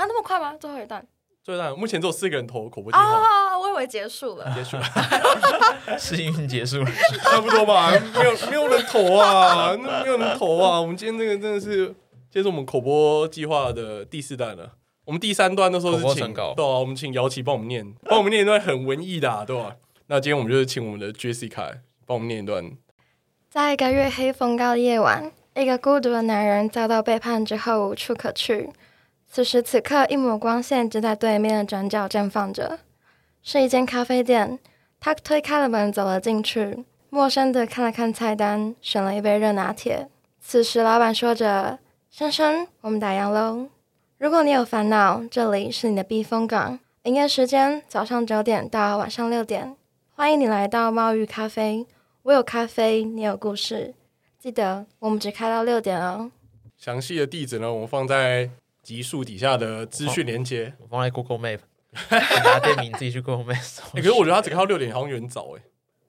啊，那麼快嗎？最後一段，最後一段，目前只有四個人投口播啊、哦，我以為結束了，結束了，是已經結束了， 差不多吧，沒有沒有人投啊，那沒有人投啊， 我們今天這個真的是，這是我們口播計劃的第四段了，我們第三段的時候是請，對啊，我們請姚琪幫我們念，幫我們念一段很文藝的、啊，對吧、啊？那今天我們就是請我們的 Jessica 幫我們念一段，在一個月黑風高的夜晚，一個孤獨的男人遭到背叛之後，無處可去。此時此刻，一抹光線就在對面的轉角綻放着，是一間咖啡店。他推開了門，走了進去，陌生的看了看菜單，選了一杯熱拿鐵。此時，老闆說着：“先生，生，我們打烊嘍。如果你有煩惱，這裡是你的避風港。營業時間早上九點到晚上六點，歡迎你來到貓魚咖啡。我有咖啡，你有故事，記得我們只開到六點哦。詳細的地址呢，我們放在。”集數底下的資訊連接，我放在 Google Map， 我拿店名自己去 Google Map、 欸。可是我覺得它整個到六點好像有點早誒。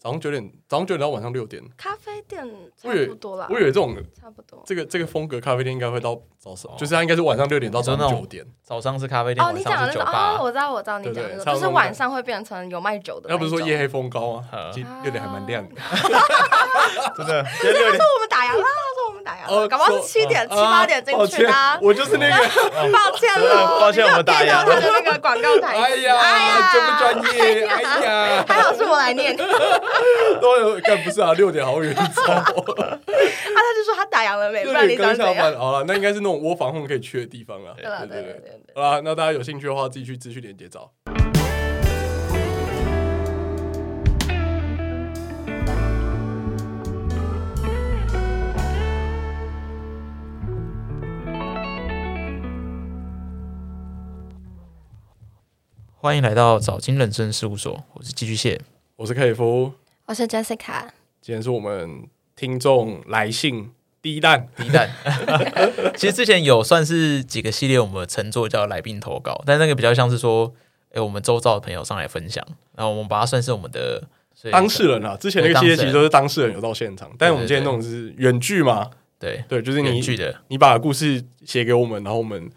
早上九點，早上九點到晚上六點，咖啡店差不多了。我以為這種差不多，這個這個風格咖啡店應該會到早上，哦、就是它應該是晚上六點到早上九點，嗯嗯嗯。早上是咖啡店，哦、晚上是酒吧。哦，我知道，我知道你，對對對，你講的就是晚上會變成有賣酒的。要不是說夜黑風高啊，其實六點還蠻亮的。啊、 真的，他說我們打烊了，他說我們打烊了，哦、啊，搞不好是七點，啊、七八點進去的啊，啊，啊。我就是那個，啊啊抱啊，抱歉了，抱歉我們打烊了。那個廣告台，哎呀哎呀，真不專業。還好是我來念。但 不是啊，六點好遠。超過 啊，他就說他打烊了沒？六點剛下班，好了，那應該是那種窩房戶可以去的地方對啊。對對對對對、對。好了，那大家有興趣的話，自己去資訊鏈接找。歡迎來到早金認證事務所，我是寄居蟹，我是凱夫。我是 Jessica。今天是我們聽眾來信第一彈，第一彈。其實之前有算是幾個系列，我們曾做叫來賓投稿，但那個比較像是說，誒、欸，我們周遭的朋友上來分享，然後我們把它算是我們的當事人啊，之前那個系列其實都是當事、當事人有到現場，但我們今天弄的是遠距嘛？對對、對、對、對，就是你遠距的，你把故事寫給我們，然後我們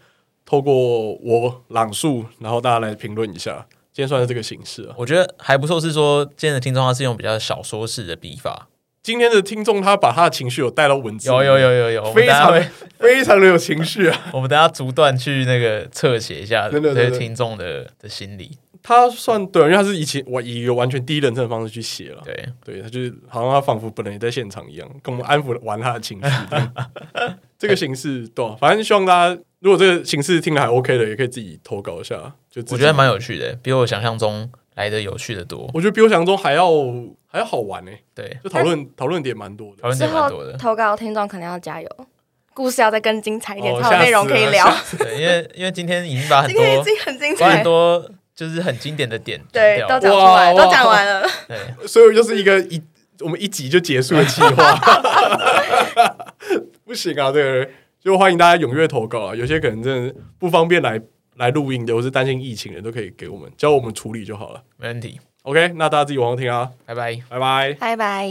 透過我朗述，然後大家來評論一下。今天算是這個形式啊，我覺得還不錯。是說今天的聽眾他是用比較小說式的筆法，今天的聽眾他把他的情緒有帶到文字，有有有有有、有，非常非常的有情緒啊。我們等、下、啊、 我們等下逐段去那個側寫一下 對對對對，這些聽眾的的心理。他算對，因為他是以前我以一個完全第一人稱的方式去寫了，對對，他就是好像他仿佛本人也在現場一樣，跟我們安撫完他的情緒。 這個形式對，反正希望大家。如果這個形式聽得還 OK 的，也可以自己投稿一下。就我覺得蠻有趣的，比我想象中來得有趣得多。我覺得比我想象中還要還要好玩呢。對，就討論討論點蠻多的。討論點蠻多的。投稿聽眾可能要加油，故事要再更精彩一點，才有內容可以聊。啊、對，因為因為今天已經把很多今天已經很精彩，很多就是很經典的點對都講出來，都講完了。對，所以就是一個一我們一集就結束的計劃。 不行啊，對、這個。就歡迎大家踴躍投稿啊！有些可能真的不方便來來錄音的，或是擔心疫情的，人都可以給我們，教我們處理就好了，沒問題。OK，那大家自己往後聽啊！拜拜拜拜拜拜，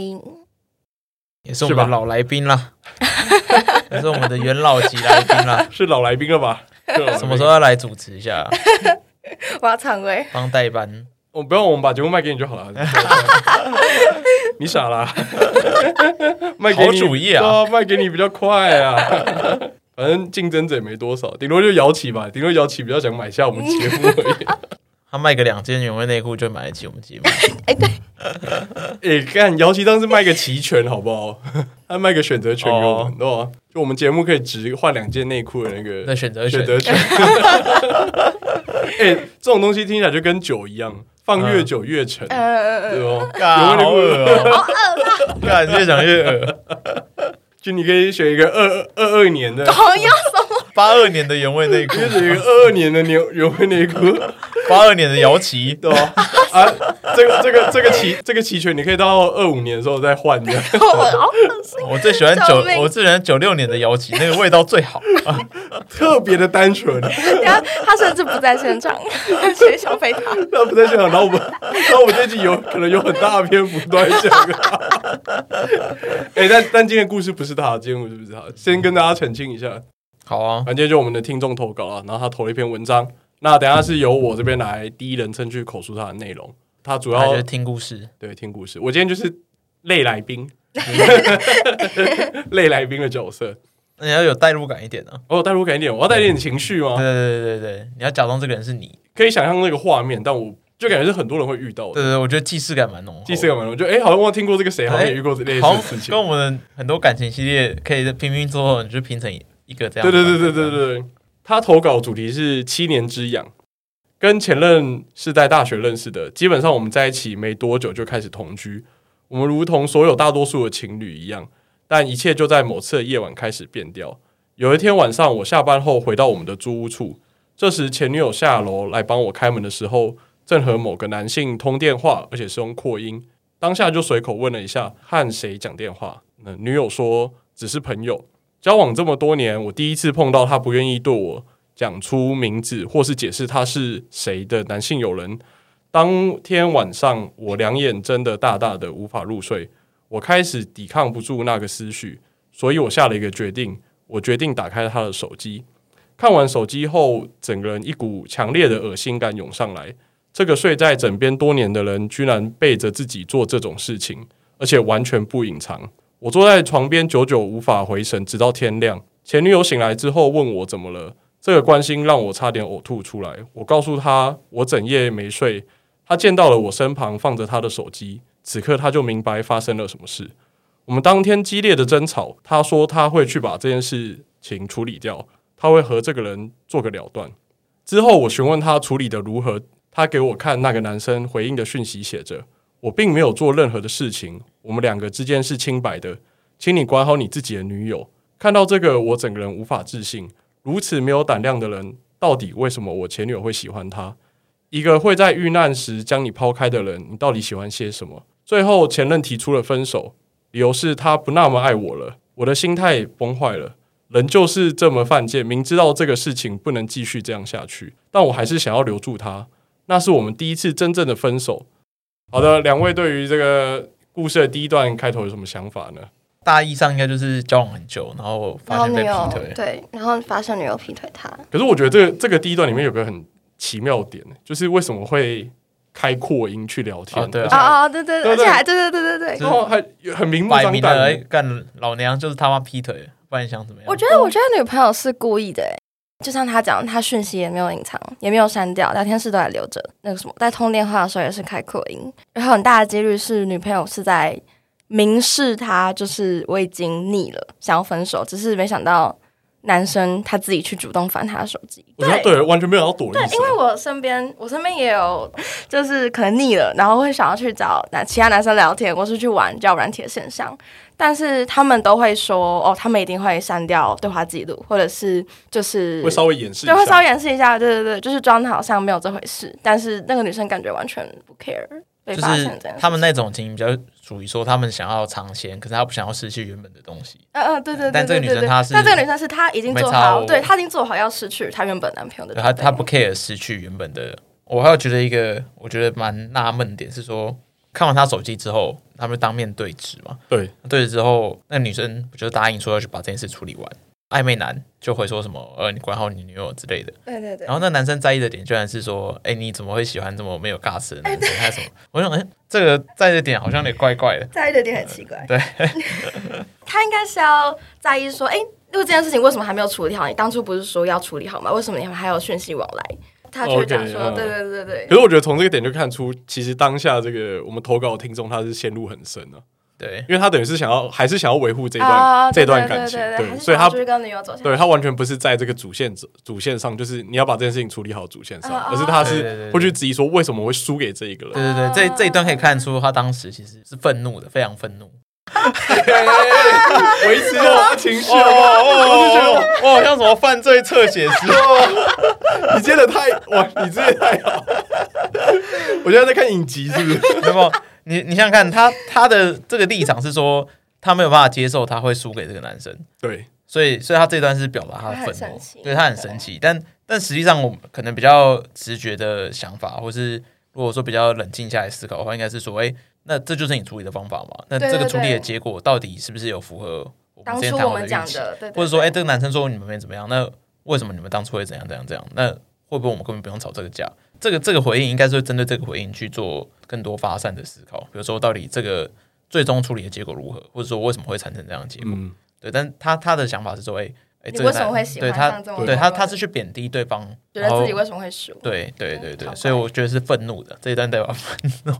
也是我們的老來賓了， 也是我們的元老級來賓了， 是老來賓了吧？ 來 什麼時候要來主持一下、啊？ 我要唱偉幫代班。我、哦、不要，我們把節目賣給你就好了。 你傻了啦？ 好主意啊，啊！賣給你比較快啊。 反正競爭者也沒多少，頂多就姚啟吧。頂多姚啟比較想買下我們節目而已。 他賣個兩件原味 內褲就買得起我們節目？哎、 欸，對。哎，看姚啟當時賣個期權好不好？ 他賣個選擇權給我們，哦、對吧，就我們節目可以只換兩件內褲的那個選擇選擇權。哎、 欸，這種東西聽起來就跟酒一樣。放越久越沉、嗯，對哦、呃，好餓啊，好餓啊，看越講越餓，就你可以選一個二二二年的，要什麼八二年的原味內褲，選一個二二年的原味那一 原味內褲。八二年的姚琪對吧、啊？啊，這個這個這個奇這個期權，你可以到二五年的時候再換掉。 我，可 我最喜歡九，我最喜歡九六年的姚琪， 那個味道最好，啊、 特別的單純。他他甚至不在現場，誰消費他？ 他不在現場，然後我們，然後我最近有可能有很大的篇幅來講。哎、 欸，但但今天的故事不是他，今天故事不是他先、嗯，先跟大家澄清一下。好啊，反正就我們的聽眾投稿啊，然後他投了一篇文章。那等下是由我這邊來第一人稱去口述他的內容，他主要他是聽故事，對，聽故事。我今天就是類來賓，類 來賓的角色，那你要有代入感一點呢、啊。哦，代入感一點，我要帶點情緒嗎？對對對對，你要假裝這個人是你，可以想象那個畫面，但我就感覺是很多人會遇到的。對對、對，我覺得既視感蠻濃，既視感蠻濃。我覺得哎，好像我聽過這個誰，好像也遇過這類的事情，跟我們很多感情系列可以拼拼湊湊，你就拼成一個這樣。對對對對對對、對、對、對。他投稿主題是七年之癢，跟前任是在大學認識的，基本上我們在一起沒多久就開始同居。我們如同所有大多數的情侶一樣，但一切就在某次的夜晚開始變調。有一天晚上，我下班後回到我們的租屋處，這時前女友下樓來幫我開門的時候，正和某個男性通電話，而且是用擴音。當下就隨口問了一下，和誰講電話？那女友說，只是朋友。交往這麼多年，我第一次碰到他不願意對我講出名字，或是解釋他是誰的男性友人。當天晚上，我兩眼睜得大大的無法入睡，我開始抵抗不住那個思緒，所以我下了一個決定，我決定打開他的手機。看完手機後，整個人一股強烈的惡心感湧上來。這個睡在枕邊多年的人，居然背着自己做這種事情，而且完全不隱藏。我坐在床邊，久久無法回神，直到天亮。前女友醒來之後問我怎麼了，這個關心讓我差點嘔吐出來。我告訴她我整夜沒睡，她見到了我身旁放着她的手機，此刻她就明白發生了什麼事。我們當天激烈的爭吵，她說她會去把這件事情處理掉，她會和這個人做個了斷。之後我詢問她處理得如何，她給我看那個男生回應的訊息，寫着我並沒有做任何的事情。我們兩個之間是清白的，請你管好你自己的女友。看到這個，我整個人無法置信。如此沒有膽量的人，到底為什麼我前女友會喜歡他？一個會在遇難時將你拋開的人，你到底喜歡些什麼？最後，前任提出了分手，理由是他不那麼愛我了。我的心態崩壞了，人就是這麼犯賤。明知道這個事情不能繼續這樣下去，但我還是想要留住他。那是我們第一次真正的分手。好的，兩位對於這個。故事的第一段開頭有什麼想法呢？大意上應該就是交往很久，然後發現被劈腿。對，然後發現女友劈腿他。可是我覺得這個這個第一段裡面有個很奇妙點，就是為什麼會開擴音去聊天？啊對啊，啊哦、對對，對對，而且還對對對對對，然後還對對對對，很明目張膽，白的幹老娘就是他媽劈腿，不然你想怎麼樣？我覺得我覺得女朋友是故意的、欸。就像他講，他訊息也沒有隱藏，也沒有刪掉，聊天室都還留着。那個什麼，在通電話的時候也是開擴音，然後很大的幾率是女朋友是在明示他，就是我已經膩了，想要分手。只是沒想到男生他自己去主動翻他的手機，我覺得對，完全沒有要躲。對，因為我身邊，我身邊也有，就是可能膩了，然後會想要去找男其他男生聊天，或是去玩，叫軟鐵現象。但是他們都會說哦，他們一定會刪掉對話記錄，或者是就是會稍微掩飾，對，會稍微掩飾一,一下，對對對，就是裝的好像沒有這回事。嗯。但是那個女生感覺完全不 care，就是被發現這樣，他們那種情形比較屬於說他們想要嘗鮮，可是他不想要失去原本的東西。嗯、啊、嗯，對對對，對對對。但這個女生她是，但這個女生是她已經做好，對她已經做好要失去她原本男朋友的，她她不 care 失去原本的。我還有覺得一個我覺得蠻納悶點是說，看完她手機之後。他們當面對質嘛？對，對質之後，那女生不就答應說要去把這件事處理完？曖昧男就會說什麼“呃，你管好你女友之類的。”對對對。然後那男生在意的點居然是說：“哎、欸，你怎麼會喜歡這麼沒有尬詞的男生？還是什麼？”我想，哎、欸，這個在意的點好像也怪怪的。在意的點很奇怪。嗯、對， 他應該是要在意說：“哎、欸，如果這件事情為什麼還沒有處理好呢？你當初不是說要處理好嗎？為什麼你們還有訊息往來？”他去得、okay, uh,，可是我覺得從這個點就看出，其實當下這個我們投稿的聽眾他是陷入很深了，啊，對，因為他等於是想要，還是想要維護這段，oh, 這段感情，oh, 對、對、對、對，所以他不去跟女友走，對他完全不是在這個主線主線上，就是你要把這件事情處理好主線上，oh, 而是他是會去質疑說，為什麼會輸給這一個人，oh. 對、對、對、對、對、對、對，這這一段可以看出他當時其實是憤怒的，非常憤怒。維、hey, 持我的情緒哦哦哦，我好像什麼犯罪側寫師哦，你接得太哇！你真的太，太好！我現在在看影集，是不是？不，你你想想看，他他的這個立場是說，他沒有辦法接受他會輸給這個男生。對，所以所以他這段是表達他的憤怒，對他很神奇。就是、神奇但但實際上，我們可能比較直覺的想法，或是如果說比較冷靜下來思考的話，應該是說，哎、欸。那這就是你處理的方法嘛，那這個處理的結果到底是不是有符合我們之前談過的，當初我們講的，對對對，或者說，哎、欸，這個男生說你們沒怎麼樣，那為什麼你們當初會怎樣怎樣怎樣？那會不會我們根本不用吵這個架？這個這個回應應該是針對這個回應去做更多發散的思考。比如說，到底這個最終處理的結果如何，或者說為什麼會產生這樣的結果？嗯、對，但他他的想法是說，哎、欸。誒，你為什麼會喜歡對他，他，他，他是去貶低對方，覺得自己為什麼會輸？對對對對，對、嗯，所以我覺得是憤怒的，、嗯憤怒的嗯、這一段代表憤怒，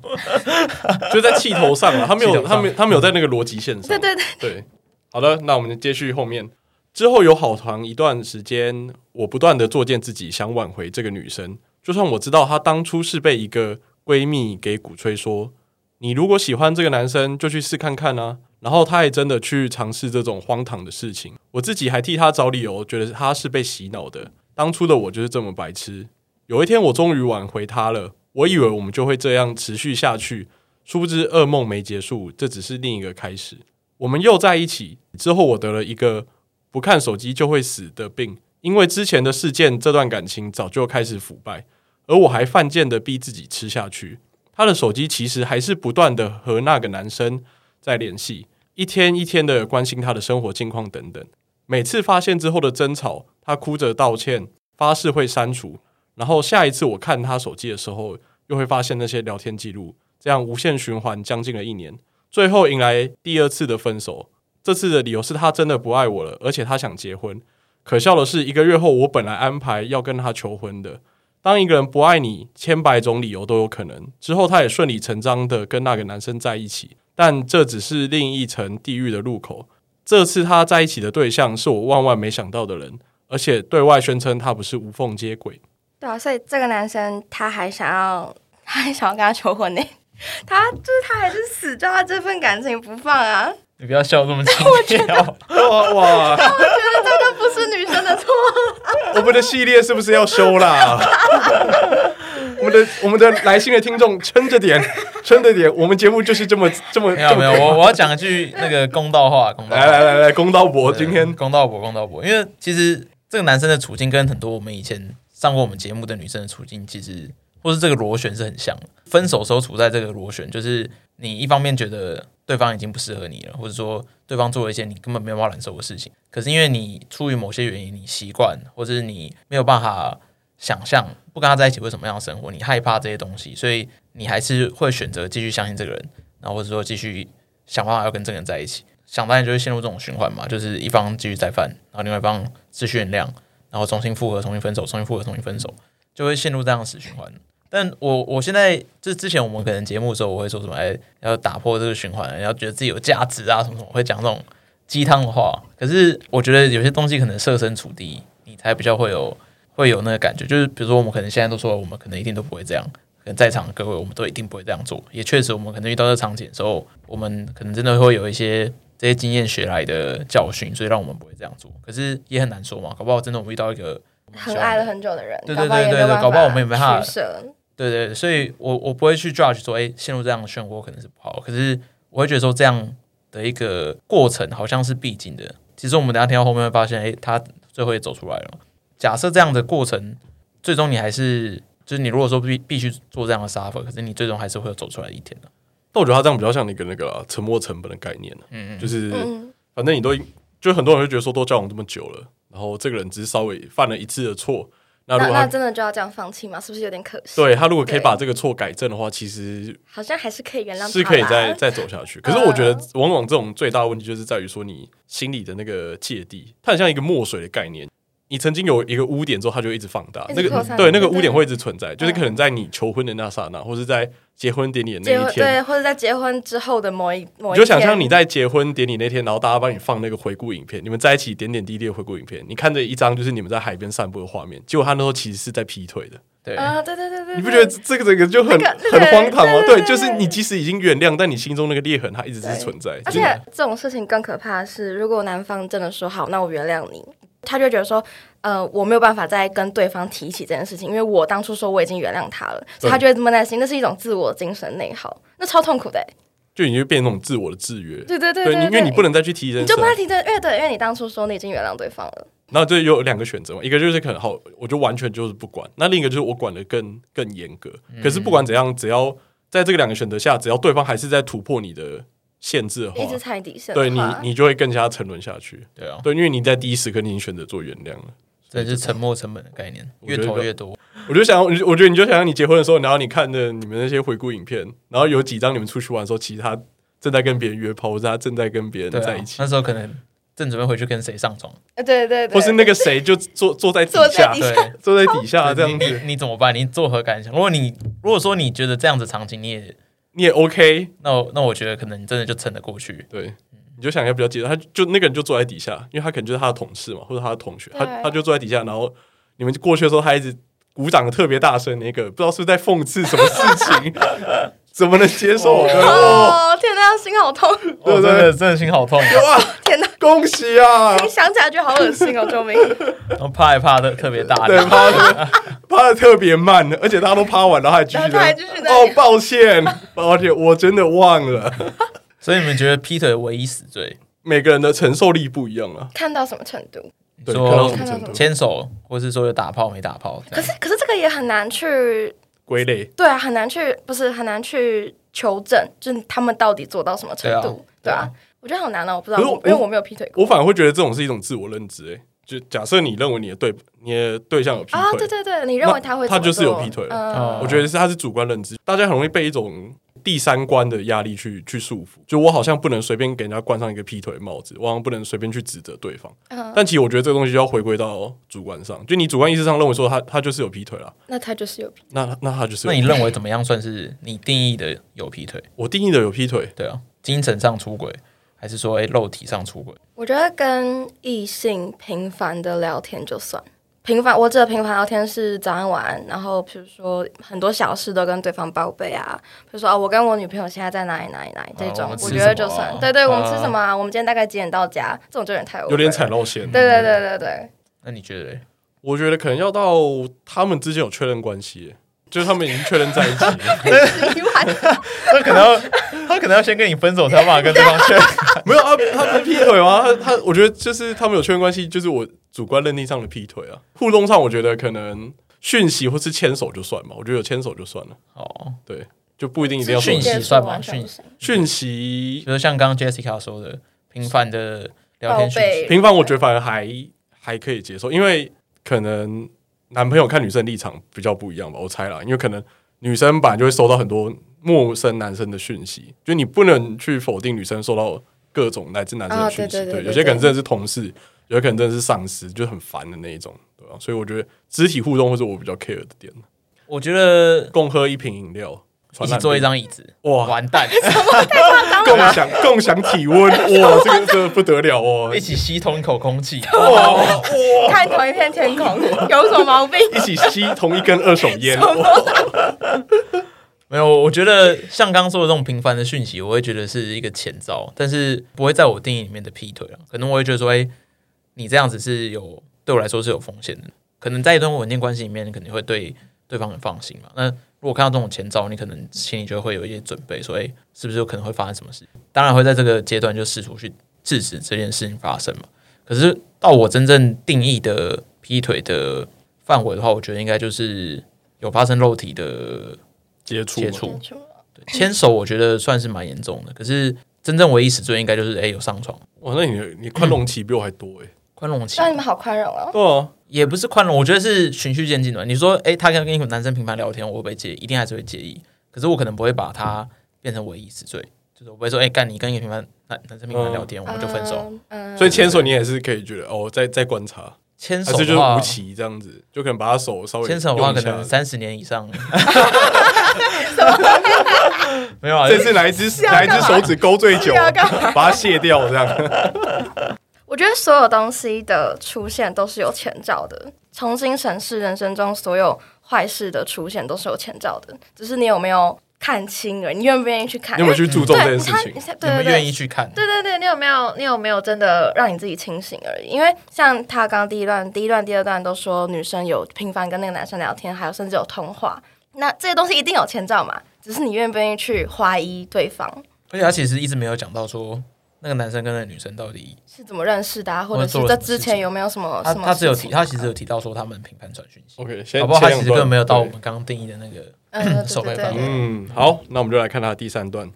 就在氣頭上嘛、啊。他沒有他沒，他沒，他沒有在那個邏輯線上。對對對，對，對，對。好的，那我們就接續後面，之後有好長一段時間，我不斷的作踐自己，想挽回這個女生。就算我知道她當初是被一個閨蜜給鼓吹說，你如果喜歡這個男生，就去試看看啊。然後，他也真的去嘗試這種荒唐的事情。我自己還替他找理由，覺得他是被洗腦的。當初的我就是這麼白痴。有一天，我終於挽回他了。我以為我們就會這樣持續下去，殊不知噩夢沒結束，這只是另一個開始。我們又在一起之後，我得了一個不看手機就會死的病。因為之前的事件，這段感情早就開始腐敗，而我還犯賤的逼自己吃下去。他的手機其實還是不斷的和那個男生再聯繫，一天一天的關心他的生活近況等等。每次發現之後的爭吵，他哭着道歉，發誓會刪除。然後下一次我看他手機的時候，又會發現那些聊天記錄，這樣無限循環將近了一年。最後迎來第二次的分手，這次的理由是他真的不愛我了，而且他想結婚。可笑的是，一個月後我本來安排要跟他求婚的。當一個人不愛你，千百種理由都有可能。之後他也順理成章的跟那個男生在一起。但這只是另一層地獄的入口。這次他在一起的對象是我萬萬沒想到的人，而且對外宣稱他不是無縫接軌。對啊，所以這個男生他還想要，他還想要跟他求婚呢。 他就是他還是死抓這份感情不放啊！你不要笑這麼激、喔、 覺得 哇，哇！ 我覺得這個不是女生的錯、啊。 我們的系列是不是要修啦？ 我們的我們的來信的聽眾撐着點，撐着點，我們節目就是這麼這麼沒有沒有，我我要講一句那個公道話，公道來來來來，公道伯，今天公道伯，公道伯，因為其實這個男生的處境跟很多我們以前上過我們節目的女生的處境其實，或是這個螺旋是很像。分手時候處在這個螺旋，就是你一方面覺得對方已經不適合你了，或者說對方做了一些你根本沒辦法忍受的事情，可是因為你出於某些原因，你習慣，或者是你沒有辦法。想象不跟他在一起會什麼樣的生活？你害怕這些東西，所以你還是會選擇繼續相信這個人，然後或者說繼續想辦法要跟這個人在一起。想當然就會陷入這種循環嘛，就是一方繼續再犯，然後另外一方持續原諒，然後重新復合，重新分手，重新復合，重新分手，就會陷入這樣死循環。但我我現在就之前我們可能節目的時候我會說什麼？哎，要打破這個循環，要覺得自己有價值啊，什麼什麼，我會講這種雞湯的話。可是我覺得有些東西可能設身處地，你才比較會有。會有那個感覺，就是比如說，我們可能現在都說，我們可能一定都不會這樣。可能在場的各位，我們都一定不會這樣做。也確實，我們可能遇到這場景的時候，我們可能真的會有一些這些經驗學來的教訓，所以讓我們不會這樣做。可是也很難說嘛，搞不好真的我們遇到一個很愛了很久的人，對對對對，對，搞，不對，對，對搞不好我們也被他，對對。所以我我不會去 judge 說，哎，陷入這樣的漩渦可能是不好。可是我會覺得說，這樣的一個過程好像是必經的。其實我們等下聽到後面會發現，哎，他最後也走出來了。假設這樣的過程，最終你還是就是你如果說必必須做這樣的 suffer，可是你最終還是會有走出來的一天的、啊。但我覺得他這樣比較像那個那個沉沒成本的概念、啊、嗯，嗯。就是反正你都就很多人會覺得說都交往這麼久了，然後這個人只是稍微犯了一次的錯，那如果他，他真的就要這樣放棄嗎？是不是有點可惜？對他如果可以把這個錯改正的話，其實好像還是可以原諒，是可以再再走下去。可是我覺得往往這種最大的問題就是在於說你心裡的那個芥蒂，它很像一個墨水的概念。你曾經有一個污點之後，他就一直放大、嗯、那個，對那個污點會一直存在，就是可能在你求婚的那剎那，或是在結婚典禮的那一天，對，或者在結婚之後的某一某一天，你就想象你在結婚典禮那天，然後大家幫你放那個回顧影片，你們在一起點點滴滴的回顧影片，你看着一張就是你們在海邊散步的畫面，結果他那時候其實是在劈腿的，對啊，嗯、對，對對對對，你不覺得這個這個就很、那個、很荒唐嗎對對對對？對，就是你即使已經原諒，但你心中那個裂痕它一直是存在。而且、okay, 這種事情更可怕的是，如果男方真的說好，那我原諒你。他就覺得說，呃，我沒有辦法再跟對方提起這件事情，因為我當初說我已經原諒他了，嗯、他覺得這麼耐心，那是一種自我精神內耗，那超痛苦的、欸。就你就變成那種自我的制約，對對對對，對，對，對，因為你不能再去提這，你就不要提這，因為對，對，因為你當初說你已經原諒對方了。那這就有兩個選擇，一個就是可能好，我就完全就是不管；那另一個就是我管得更更嚴格。可是不管怎樣，只要在這個兩個選擇下，只要對方還是在突破你的。限制的話，一直踩底線的話，對你，你就會更加沉淪下去。對啊，對，因為你在第一時刻，你已經選擇做原諒了。所以這就是沉沒成本的概念，越投越多。我就想，我覺得你就想，你結婚的時候，然後你看着你們那些回顧影片，然後有幾張你們出去玩的時候，其實他正在跟別人約炮，或者他正在跟別人在一起、啊。那時候可能正準備回去跟誰上床，嗯、對，對，對對，或是那個誰就坐坐在, 坐在底下，對， 坐在底下、啊、 這樣子你，你怎麼辦？你作何感想？如果你如果說你覺得這樣子場景，你也。你也 OK，那我那我覺得可能你真的就撐得過去。對，你就想一個比較極端，他就那個人就坐在底下，因為他可能就是他的同事嘛，或者他的同學，他他就坐在底下，然後你們過去的時候，他一直鼓掌的特別大聲，那個不知道是不是在諷刺什麼事情。 怎麼能接受啊！哦、oh, oh,，oh. 天哪，心好痛！我、oh, 真的真的心好痛！啊， 天哪 天哪！恭喜啊！你想起來就好噁心哦， 救命！啪也啪的特別大對啪的啪的特別慢，而且大家都啪完了還繼續，還繼續哦、 喔，抱歉，而 且我真的忘了， 所以你們覺得劈腿唯一死罪， 每個人的承受力不一樣啊，看到什麼程度？對，說看到什麼牽手，或是說有打炮沒打炮？可是可是這個也很難去。歸類。對啊，很難去，不是很難去求證，就是、他們到底做到什麼程度，對吧、啊啊啊？我覺得好難了、喔，我不知道，因為我沒有劈腿過。我反而會覺得這種是一種自我認知、欸。就假設你認為你的對你的對象有劈腿啊，對對對，你認為他會怎麼做，他就是有劈腿、嗯、我覺得是他是主觀認知，大家很容易被一種。第三關的壓力去去束縛，就我好像不能隨便給人家冠上一個劈腿帽子，我好像不能隨便去指責對方。Uh -huh. 但其實我覺得這個東西就要回歸到主觀上，就你主觀意識上認為說他他就是有劈腿了，那他就是有劈腿，那那他就是有劈腿。那你認為怎麼樣算是你定義的有劈腿？ 我定義的有劈腿，對啊，精神上出軌還是說誒、欸、肉體上出軌？我覺得跟異性頻繁的聊天就算。頻繁，我只頻繁聊天是早安晚安，然後比如說很多小事都跟對方報備啊，比如說啊，我跟我女朋友現在在哪裡哪裡哪裡這種，啊、我，我覺得就算，啊、對對、啊，我們吃什麼、啊？我們今天大概幾點到家？這種就有，有點太有點踩到線。對對，對對對對對。那你覺得呢？我覺得可能要到他們之間有確認關係，就是他們已經確認在一起了。 你洗完笑他可能要他可能要先跟你分手，才 法跟對方確認。 沒有啊，他不劈腿嗎？他他，我覺得就是他們有確認關係，就是我。主觀認定上的劈腿啊，互動上我覺得可能訊息或是牽手就算嘛，我覺得有牽手就算了。哦，對，就不一定一定要訊息算嘛，訊息訊息，比如像剛剛 Jessica 說的，頻繁的聊天訊息，頻、哦、繁我覺得反而還還可以接受，因為可能男朋友看女生立場比較不一樣吧，我猜啦，因為可能女生本來就會收到很多陌生男生的訊息，就你不能去否定女生收到各種來自男生的訊息，哦、對，對，對，對，對，有些可能真的是同事。有可能真的是喪屍，就很煩的那一種，對吧、啊？所以我覺得肢體互動會是我比較 care 的點。我覺得共喝一瓶飲料，一起坐一張椅子，哇，完蛋！ 共享共享體溫， 哇、這個，這個不得了哦！一起吸同一口空氣，哇， 看同一片天空， 有什麼毛病？ 一起吸同一根二手煙， 沒有。我覺得像剛剛說的這種平凡的訊息，我會覺得是一個前兆，但是不會在我定義裡面的劈腿啊，可能我會覺得說，欸你這樣子是有對我來說是有風險的，可能在一段穩定關係裡面，你肯定會對對方很放心嘛。那如果看到這種前兆，你可能心裡就會有一些準備，所以是不是有可能會發生什麼事？當然會在這個階段就試圖去制止這件事情發生嘛。可是到我真正定義的劈腿的範圍的話，我覺得應該就是有發生肉體的接觸接觸，牽手我覺得算是蠻嚴重的。可是真正唯一死罪應該就是哎、欸，有上床哇、嗯？那你你寬容期比我還多誒、欸。寬容心，那你們好寬容哦。不、啊，也不是寬容，我覺得是循序漸進的。你說，哎、欸，他跟跟一個男生頻繁聊天，我會不會介意？一定還是會介意。可是我可能不會把他變成唯一之最，就是我不會說，哎、欸，幹你跟一個平凡男男生頻繁聊天，嗯、我們就分手。嗯嗯、所以牽手你也是可以覺得，哦，在在觀察，牽手是就是無奇這樣子，就可能把他手稍微牽手的話，可能三十年以上。沒 有什麼， 這是哪一只哪一只手指勾最久， 把它卸掉這樣。 我覺得所有東西的出現都是有前兆的。重新審視人生中所有壞事的出現都是有前兆的，只是你有沒有看清而已。你願不願意去看？你有沒有去注重這事情？對對，對,對，願意去看。對對對，你有沒有？你有沒有真的讓你自己清醒而已？因為像他剛剛第一段、第一段、第二段都說女生有頻繁跟那個男生聊天，還有甚至有通話，那這些東西一定有前兆嘛？只是你願不願意去懷疑對方？而且他其實一直沒有講到說。那個男生跟那個女生到底是怎麼認識的，啊，或者是在之前有沒有什麼，什麼？他他只有提，他其實有提到說他們頻繁傳訊息。OK，先不好吧，他其實根本沒有到我們剛剛定義的那個 手背，嗯，好，那我們就來看他第三段。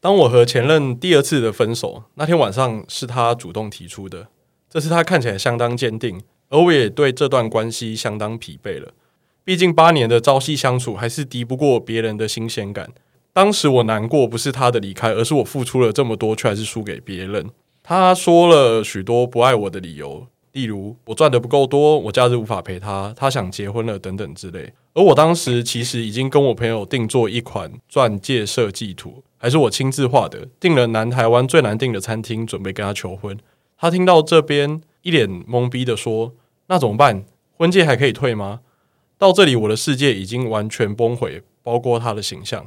當我和前任第二次的分手那天晚上，是他主動提出的。這是他看起來相當堅定，而我也對這段關係相當疲憊了。畢竟八年的朝夕相處，還是敵不過別人的新鮮感。當時我難過不是他的離開，而是我付出了這麼多，卻還是輸給別人。他說了許多不愛我的理由，例如我賺得不夠多，我假日無法陪他，他想結婚了等等之類。而我當時其實已經跟我朋友訂做一款鑽戒設計圖，還是我親自畫的，訂了南台灣最難訂的餐廳，準備跟他求婚。他聽到這邊一臉懵逼地說：“那怎麼辦？婚戒還可以退嗎？”到這裡，我的世界已經完全崩潰，包括他的形象。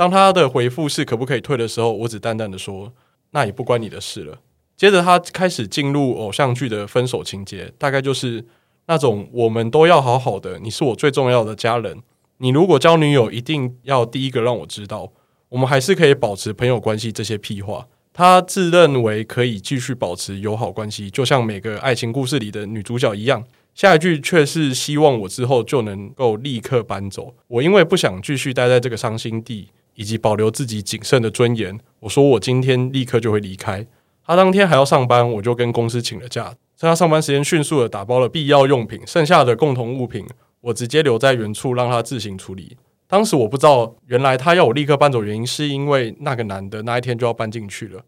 當他的回復是可不可以退的時候，我只淡淡地說，那也不關你的事了。接着他開始進入偶像劇的分手情節，大概就是那種我們都要好好的，你是我最重要的家人，你如果交女友一定要第一個讓我知道，我們還是可以保持朋友關係這些屁話。他自認為可以繼續保持友好關係，就像每個愛情故事裡的女主角一樣，下一句卻是希望我之後就能夠立刻搬走。我因為不想繼續待在這個傷心地。以及保留自己僅剩的尊嚴，我說我今天立刻就會離開。他當天還要上班，我就跟公司請了假，在他上班時間迅速的打包了必要用品，剩下的共同物品我直接留在原處，讓他自行處理。當時我不知道，原來他要我立刻搬走，原因是因為那個男的那一天就要搬進去了。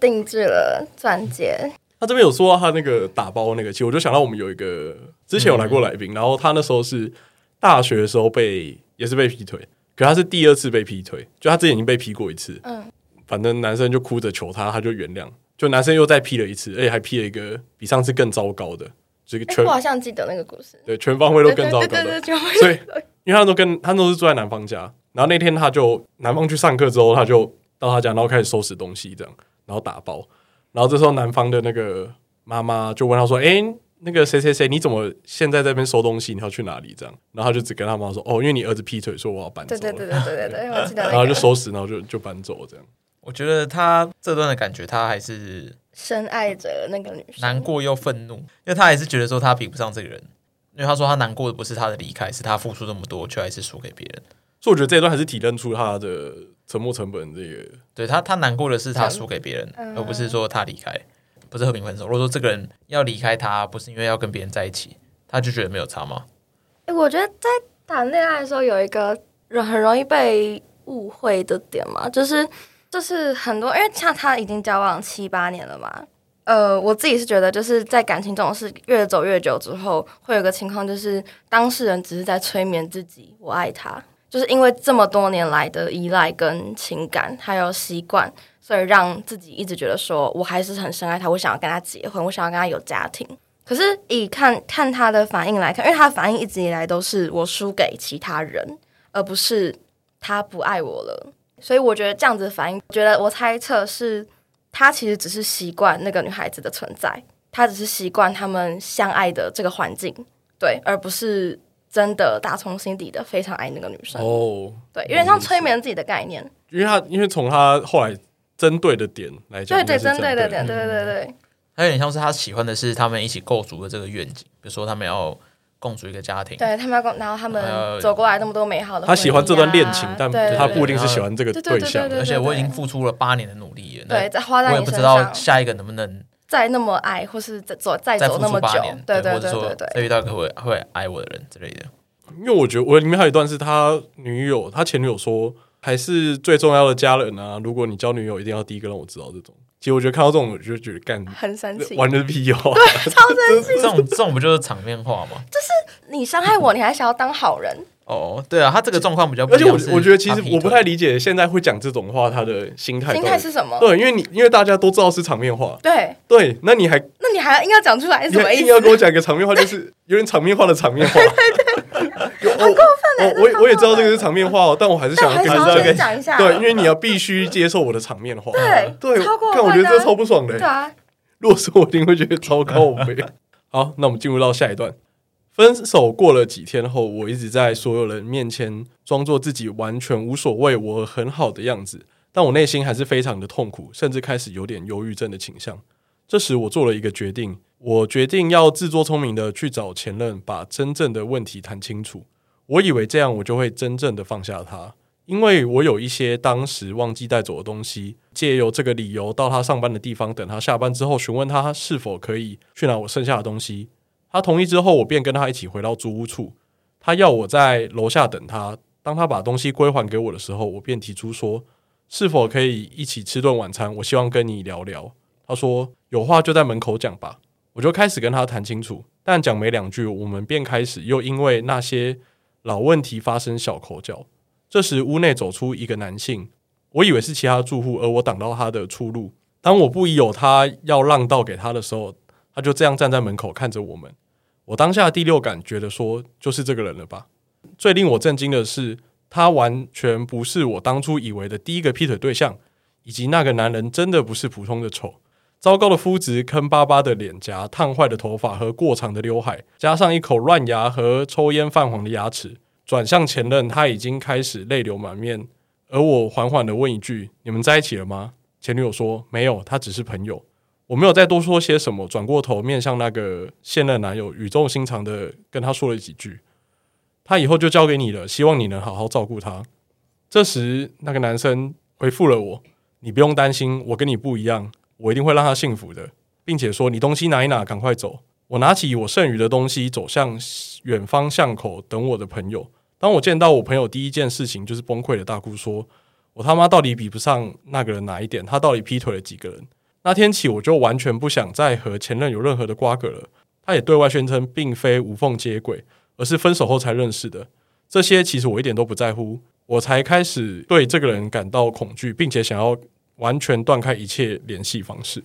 定制了鑽戒。他這邊有說到他那個打包，那個其實我就想到我們有一個之前有來過來賓、嗯，然後他那時候是大學的時候被也是被劈腿。可他是第二次被劈腿，就他自己已經被劈過一次。嗯，反正男生就哭着求他，他就原諒。就男生又再劈了一次，哎、嗯，而且還劈了一個比上次更糟糕的，個全、欸。我好像記得那個故事。對，全方位都更糟糕的。對對對對，對。 因為他們都跟他都是住在男方家，然後那天他就男方去上課之後，他就到他家，然後開始收拾東西，這樣，然後打包。然後這時候男方的那個媽媽就問他說：“哎、欸。”那個誰誰誰，你怎麼現在在這邊收東西？你要去哪裡？這樣，然後他就只跟他媽說哦，因為你兒子劈腿，說我要搬走。對對對對對對對。 我記得然後就收拾，然後就就搬走了這樣。我覺得他這段的感覺，他還是深愛着那個女生，難過又憤怒，因為他還是覺得說他比不上這個人。因為他說他難過的不是他的離開，是他付出那麼多卻還是輸給別人。所以我覺得這一段還是體認出他的沉沒成本這個。對他，他難過的是他輸給別人、嗯，而不是說他離開。不是和平分手。如果說這個人要離開他，不是因為要跟別人在一起，他就覺得沒有差嗎？欸，我覺得在談戀愛的時候有一個很很容易被誤會的點嘛，就是就是很多，因為像他已經交往七八年了嘛。呃，我自己是覺得，就是在感情這種事越走越久之後，會有一個情況就是當事人只是在催眠自己，我愛他。就是因為這麼多年來的依賴跟情感，還有習慣，所以讓自己一直覺得說，我還是很深愛他，我想要跟他結婚，我想要跟他有家庭。可是以看看他的反應來看，因為他的反應一直以來都是我輸給其他人，而不是他不愛我了。所以我覺得這樣子的反應，我覺得我猜測是他其實只是習慣那個女孩子的存在，他只是習慣他們相愛的這個環境，對，而不是。真的打從心底的非常愛那個女生哦，oh, 對，有點像催眠自己的概念。因為他因為從他後來針對的點來講，對對針對的點、就是，對對對對，嗯、他有點像是他喜歡的是他們一起構築的這個願景，比如說他們要共築一個家庭，對他們要共，然後他們走過來那麼多美好的、啊呃，他喜歡這段戀情，但他不一定是喜歡這個對象對對對對對對對對，而且我已經付出了八年的努力了，對，在花在，我也不知道下一個能不能。再那麼愛，或是再走再走那麼久，對對對對對，再遇到會會愛我的人之類的。因為我覺得我裡面還有一段是他女友，他前女友說，還是最重要的家人啊。如果你交女友，一定要第一個讓我知道這種。其實我覺得看到這種，我就覺得幹很生氣，玩的屁哦。對，超生氣。這種這種不就是場面話嗎？就是你傷害我，你還想要當好人？ 哦、oh，對啊，他這個狀況比較不一樣，而且我我覺得其實我不太理解現在會講這種話，他的心態心態是什麼？對，因為你因為大家都知道是場面話，對對，那你還那你還硬要講出來什麼意思？硬要跟我講一個場面話，就是有點場面話的場面話，對對，對，對，好過分啊！我的我，我也知道這個是場面話哦，但我還是想要跟你講一下，對，因為你要必須接受我的場面話，對對、嗯對，看我覺得這超不爽的，啊、如果是我，一定會覺得、啊、超過分。好，那我們進入到下一段。分手過了幾天後，我一直在所有人面前裝作自己完全無所謂、我很好的樣子，但我內心還是非常的痛苦，甚至開始有點憂鬱症的傾向。這時，我做了一個決定，我決定要自作聰明的去找前任，把真正的問題談清楚。我以為這樣我就會真正的放下他，因為我有一些當時忘記帶走的東西。借由這個理由到他上班的地方，等他下班之後，詢問他是否可以去拿我剩下的東西。他同意之後，我便跟他一起回到租屋處。他要我在樓下等他。當他把東西歸還給我的時候，我便提出說：“是否可以一起吃頓晚餐？我希望跟你聊聊。”他說：“有話就在門口講吧。”我就開始跟他談清楚，但講沒兩句，我們便開始又因為那些老問題發生小口角。這時，屋內走出一個男性，我以為是其他住戶，而我擋到他的出路。當我不疑有他要讓道給他的時候，他就這樣站在門口看着我們。我當下第六感覺得說，就是這個人了吧。最令我震驚的是，他完全不是我當初以為的第一個劈腿對象，以及那個男人真的不是普通的醜，糟糕的膚質，坑巴巴的臉頰，燙壞的頭髮和過長的劉海，加上一口亂牙和抽菸泛黃的牙齒。轉向前任，他已經開始淚流滿面，而我緩緩地問一句：“你們在一起了嗎？”前女友說：“沒有，他只是朋友。”我沒有再多說些什麼，轉過頭面向那個現任男友，語重心長的跟他說了幾句。他以後就交給你了，希望你能好好照顧他。這時，那個男生回復了我：“你不用擔心，我跟你不一樣，我一定會讓他幸福的。”並且說：“你東西拿一拿，趕快走。”我拿起我剩餘的東西，走向遠方巷口等我的朋友。當我見到我朋友，第一件事情就是崩潰的大哭，說：“我他媽到底比不上那個人哪一點？他到底劈腿了幾個人？”那天起，我就完全不想再和前任有任何的瓜葛了。他也對外宣稱，並非無縫接軌，而是分手後才認識的。這些其實我一點都不在乎。我才開始對這個人感到恐懼，並且想要完全斷開一切聯繫方式。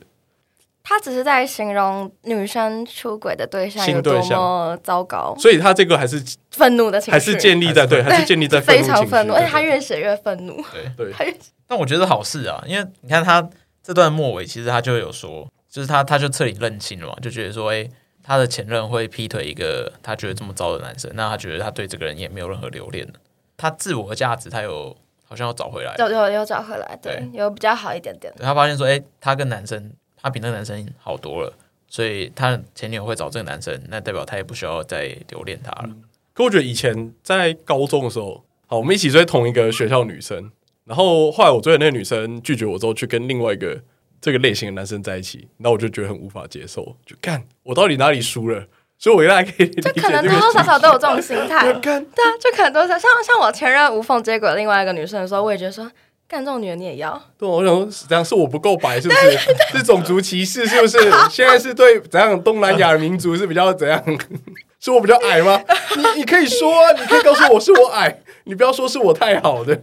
他只是在形容女生出軌的對象有多麼糟糕，所以他這個還是憤怒的情緒，還是建立在對，對，還是建立在非常憤怒，而且他越寫越憤怒。對對，對，他越越對他。但我覺得好事啊，因為你看他。這段末尾其實他就有說，就是他他就徹底認清了嘛，就覺得說，欸，他的前任會劈腿一個他覺得這麼糟的男生，那他覺得他對這個人也沒有任何留戀了，他自我的價值他有好像要找，找回來，有有有找回來，對，有比較好一點點。對他發現說，欸，他跟男生他比那個男生好多了，所以他前女友會找這個男生，那代表他也不需要再留戀他了。可我覺得以前在高中的時候，好，我們一起追同一個學校女生。然後後來我追的那個女生拒絕我之後，去跟另外一個這個類型的男生在一起，那我就覺得很無法接受，就幹我到底哪裡輸了？所以我原來可以，就可能多多少少都有這種心態， 對啊，就可能多少像像我前任無縫接軌另外一個女生的時候，我也覺得說，干這種女人你也要？對，我想說怎樣是我不夠白？是不是？是種族歧視？是不是？現在是對怎樣東南亞的民族是比較怎樣？ 是我比較矮嗎？你你可以說啊，你可以告訴我是我矮， 你不要說是我太好的。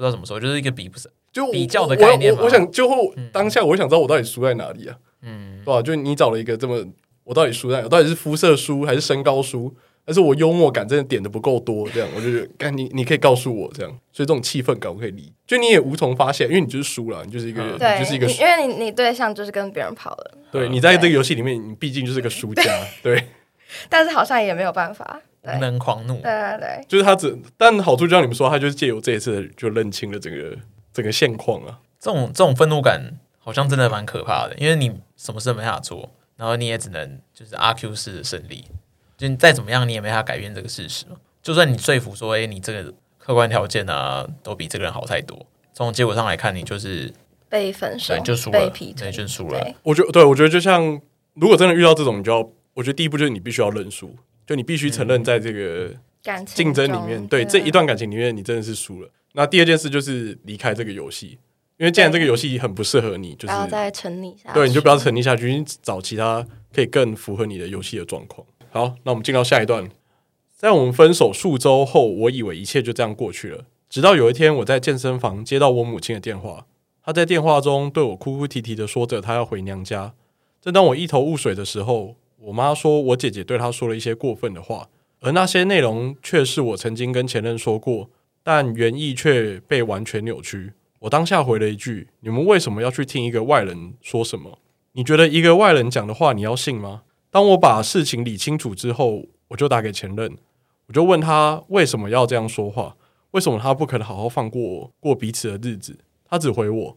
不知道怎麼說，就是一個比不是就比較的概念吧。我,我，我想想，就當下，我想知道我到底輸在哪裡啊？嗯，是吧，啊？就你找了一個這麼，我到底輸在哪裡，我到底是膚色輸，還是身高輸，但是我幽默感真的點的不夠多？這樣，我就覺得幹你，你可以告訴我這樣。所以這種氣氛感我可以理，就你也無從發現，因為你就是輸了，你就是一個人，嗯，對你就是一個，因為你你對象就是跟別人跑了，對你在這個遊戲裡面，你畢竟就是個輸家，對。對 對 但是好像也沒有辦法。無能狂怒，對對對，就是他只，但好處就像你們說，嗯、他就是借由這一次就認清了整個整個現況啊。這種這種憤怒感好像真的蠻可怕的、嗯，因為你什麼事沒法做，然後你也只能就是阿 Q 式的勝利，就再怎麼樣你也沒法改變這個事實，就算你說服說，誒、欸，你這個客觀條件啊都比這個人好太多，從結果上來看，你就是被分手，對，就輸了，被批評，對，就輸了。我覺，對我覺得就像如果真的遇到這種，你就要，我覺得第一步就是你必須要認輸。就你必須承認，在這個競爭裡面，對這一段感情裡面，你真的是輸了。那第二件事就是離開這個遊戲，因為既然這個遊戲很不適合你，就是再沉溺下，對你就不要沉溺下去，找其他可以更符合你的遊戲的狀況。好，那我們進到下一段。在我們分手數周後，我以為一切就這樣過去了。直到有一天，我在健身房接到我母親的電話，她在電話中對我哭哭啼啼的說着她要回娘家。正當我一頭霧水的時候。我媽說，我姐姐對她說了一些過分的話，而那些內容卻是我曾經跟前任說過，但原意卻被完全扭曲。我當下回了一句：“你們為什麼要去聽一個外人說什麼？你覺得一個外人講的話你要信嗎？”當我把事情理清楚之後，我就打給前任，我就問他為什麼要這樣說話，為什麼他不肯好好放過我，過彼此的日子。他只回我：“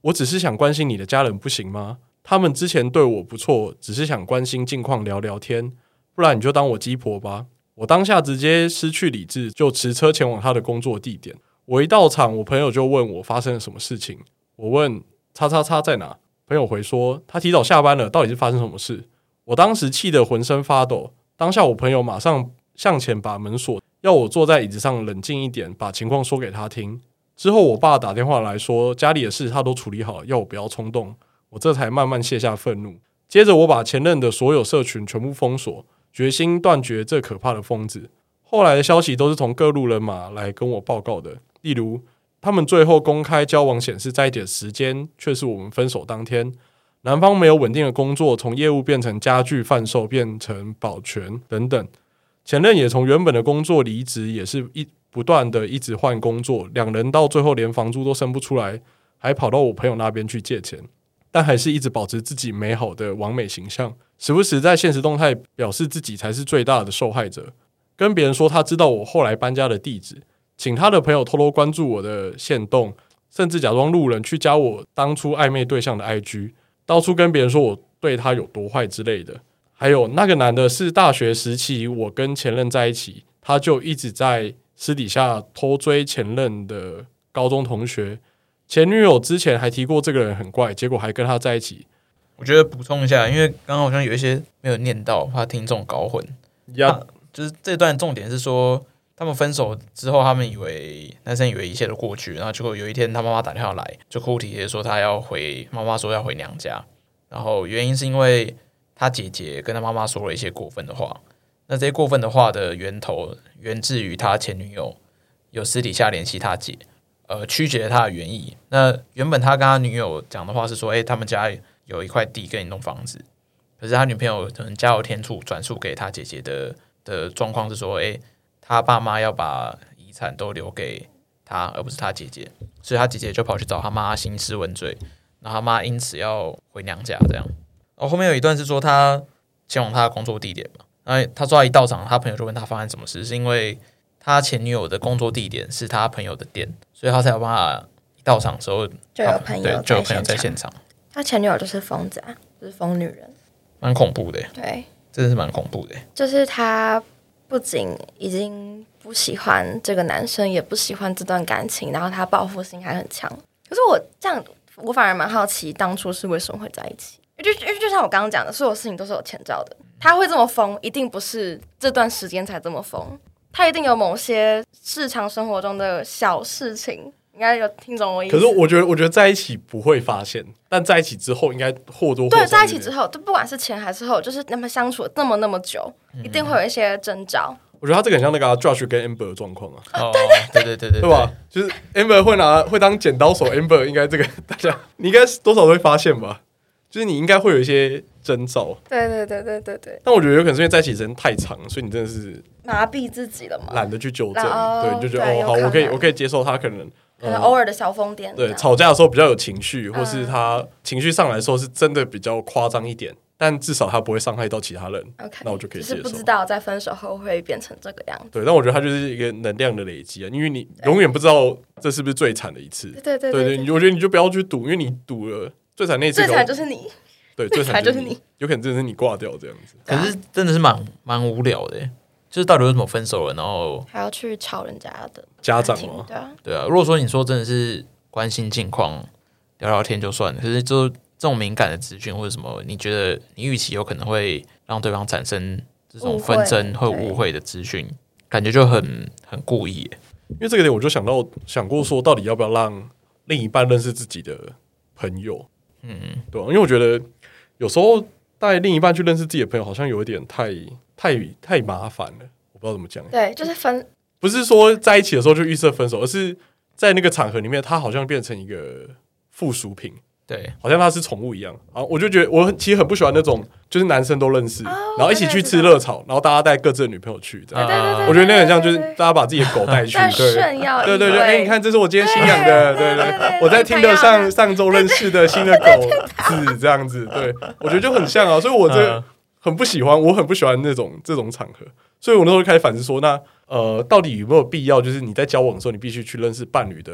我只是想關心你的家人，不行嗎？”他們之前對我不錯，只是想關心近況聊聊天，不然你就當我雞婆吧。我當下直接失去理智，就騎車前往他的工作地點。我一到場，我朋友就問我發生了什麼事情。我問“叉叉叉在哪？”朋友回說他提早下班了。到底是發生什麼事？我當時氣得渾身發抖。當下我朋友馬上向前把門鎖，要我坐在椅子上冷靜一點，把情況說給他聽。之後我爸打電話來說家裡的事他都處理好，要我不要衝動。我這才慢慢卸下憤怒，接着我把前任的所有社群全部封鎖，決心斷絕這可怕的瘋子。後來的消息都是從各路人馬來跟我報告的，例如他們最後公開交往顯示在一起的時間卻是我們分手當天。男方沒有穩定的工作，從業務變成家具販售，變成保全等等。前任也從原本的工作離職，也是一不斷的一直換工作，兩人到最後連房租都生不出來，還跑到我朋友那邊去借錢。但還是一直保持自己美好的完美形象，時不時在限時動態表示自己才是最大的受害者，跟別人說他知道我後來搬家的地址，請他的朋友偷偷關注我的限動，甚至假裝路人去加我當初曖昧對象的 IG，到處跟別人說我對他有多壞之類的。還有那個男的是大學時期我跟前任在一起，他就一直在私底下偷追前任的高中同學，前女友之前還提過這個人很怪，結果還跟他在一起。我覺得補充一下，因為剛剛好像有一些沒有念到，怕聽眾搞混呀、啊。就是這段重點是說，他們分手之後，他們以為男生以為一切都過去，然後結果有一天他媽媽打電話來，就哭哭啼啼說他要回，媽媽說要回娘家，然後原因是因為他姐姐跟他媽媽說了一些過分的話，那這些過分的話的源頭源自於他前女友有私底下聯繫他姐。呃，曲解了他的原意。那原本他跟他女友講的話是說，誒、欸，他們家有一塊地跟一棟房子。可是他女朋友可能加油添醋，轉述給他姐姐的的狀況是說，誒、欸，他爸媽要把遺產都留給他，而不是他姐姐。所以，他姐姐就跑去找他媽興師問罪，然後他媽因此要回娘家。這樣，哦，後面有一段是說他前往他的工作地點嘛，哎，他說他一到場，他朋友就問他發生什麼事，是因為。他前女友的工作地點是他朋友的店，所以他才有辦法到場的時候就有，朋友就有朋友在現場。他前女友就是瘋子啊，就是瘋女人，蠻恐怖的欸。對，真的是蠻恐怖的欸。就是他不僅已經不喜歡這個男生，也不喜歡這段感情，然後他報復心還很強。可是我這樣，我反而蠻好奇，當初是為什麼會在一起？因為就因為就像我剛剛講的，所有事情都是有前兆的。他會這麼瘋，一定不是這段時間才這麼瘋。他一定有某些日常生活中的小事情，應該有聽懂我意思。可是我覺得，我覺得在一起不會發現，但在一起之後應該或多或少。對，在一起之後，就不管是前還是後，就是那麼相處了那麼那麼久，嗯，一定會有一些徵兆。我覺得他這個很像那個 Josh 跟 Amber 的狀況啊，對、哦、對對對對，對吧？就是 Amber 會拿會當剪刀手 ，Amber 應該這個大家你應該是多少都會發現吧。就是你應該會有一些徵兆，對對對對對對。但我覺得有可能是因為在一起時間太長，所以你真的是麻痹自己了嘛，懶得去糾正，對，就覺得哦好，我可以我可以接受他可能、嗯、可能偶爾的小瘋癲，對，吵架的時候比較有情緒，或是他情緒上來的時候是真的比較誇張一點，嗯、但至少他不會傷害到其他人，OK，那我就可以接受。只是不知道在分手後會變成這個樣子，對，但我覺得他就是一個能量的累積，因為你永遠不知道這是不是最慘的一次，對對對對，對，對，對，對，我覺得你就不要去賭，因為你賭了。最慘那最慘就是最慘就是你，對，最慘就是你，有可能真的是你掛掉這樣子啊。可是真的是蠻蠻無聊的耶，就是到底為什麼分手了，然後還要去吵人家的家長，對啊，啊、對啊。如果說你說真的是關心近況聊聊天就算了，可是就這種敏感的資訊或者什麼，你覺得你預期有可能會讓對方產生這種紛爭或誤會的資訊，感覺就很很故意。因為這個點，我就想到想過說，到底要不要讓另一半認識自己的朋友？嗯，嗯，對啊，因為我覺得有時候帶另一半去認識自己的朋友，好像有一點太太太麻煩了。我不知道怎麼講，對，就是分，不是說在一起的時候就預設分手，而是在那個場合裡面，他好像變成一個附屬品。對，好像他是寵物一樣啊！我就覺得我其實很不喜歡那種，就是男生都認識，啊、然後一起去吃熱炒、啊，然後大家帶各自的女朋友去，這樣。對、啊、我覺得那很像，就是大家把自己的狗帶去、啊、對對對，哎、欸，你看，這是我今天新養的。對對,對,對,對,對對。我在聽的上對對對上周認識的新的狗是這樣子，對，我覺得就很像啊，所以我這很不喜歡，我很不喜歡那種這種場合，所以我那時候就開始反思說，那呃，到底有沒有必要？就是你在交往的時候，你必須去認識伴侶的。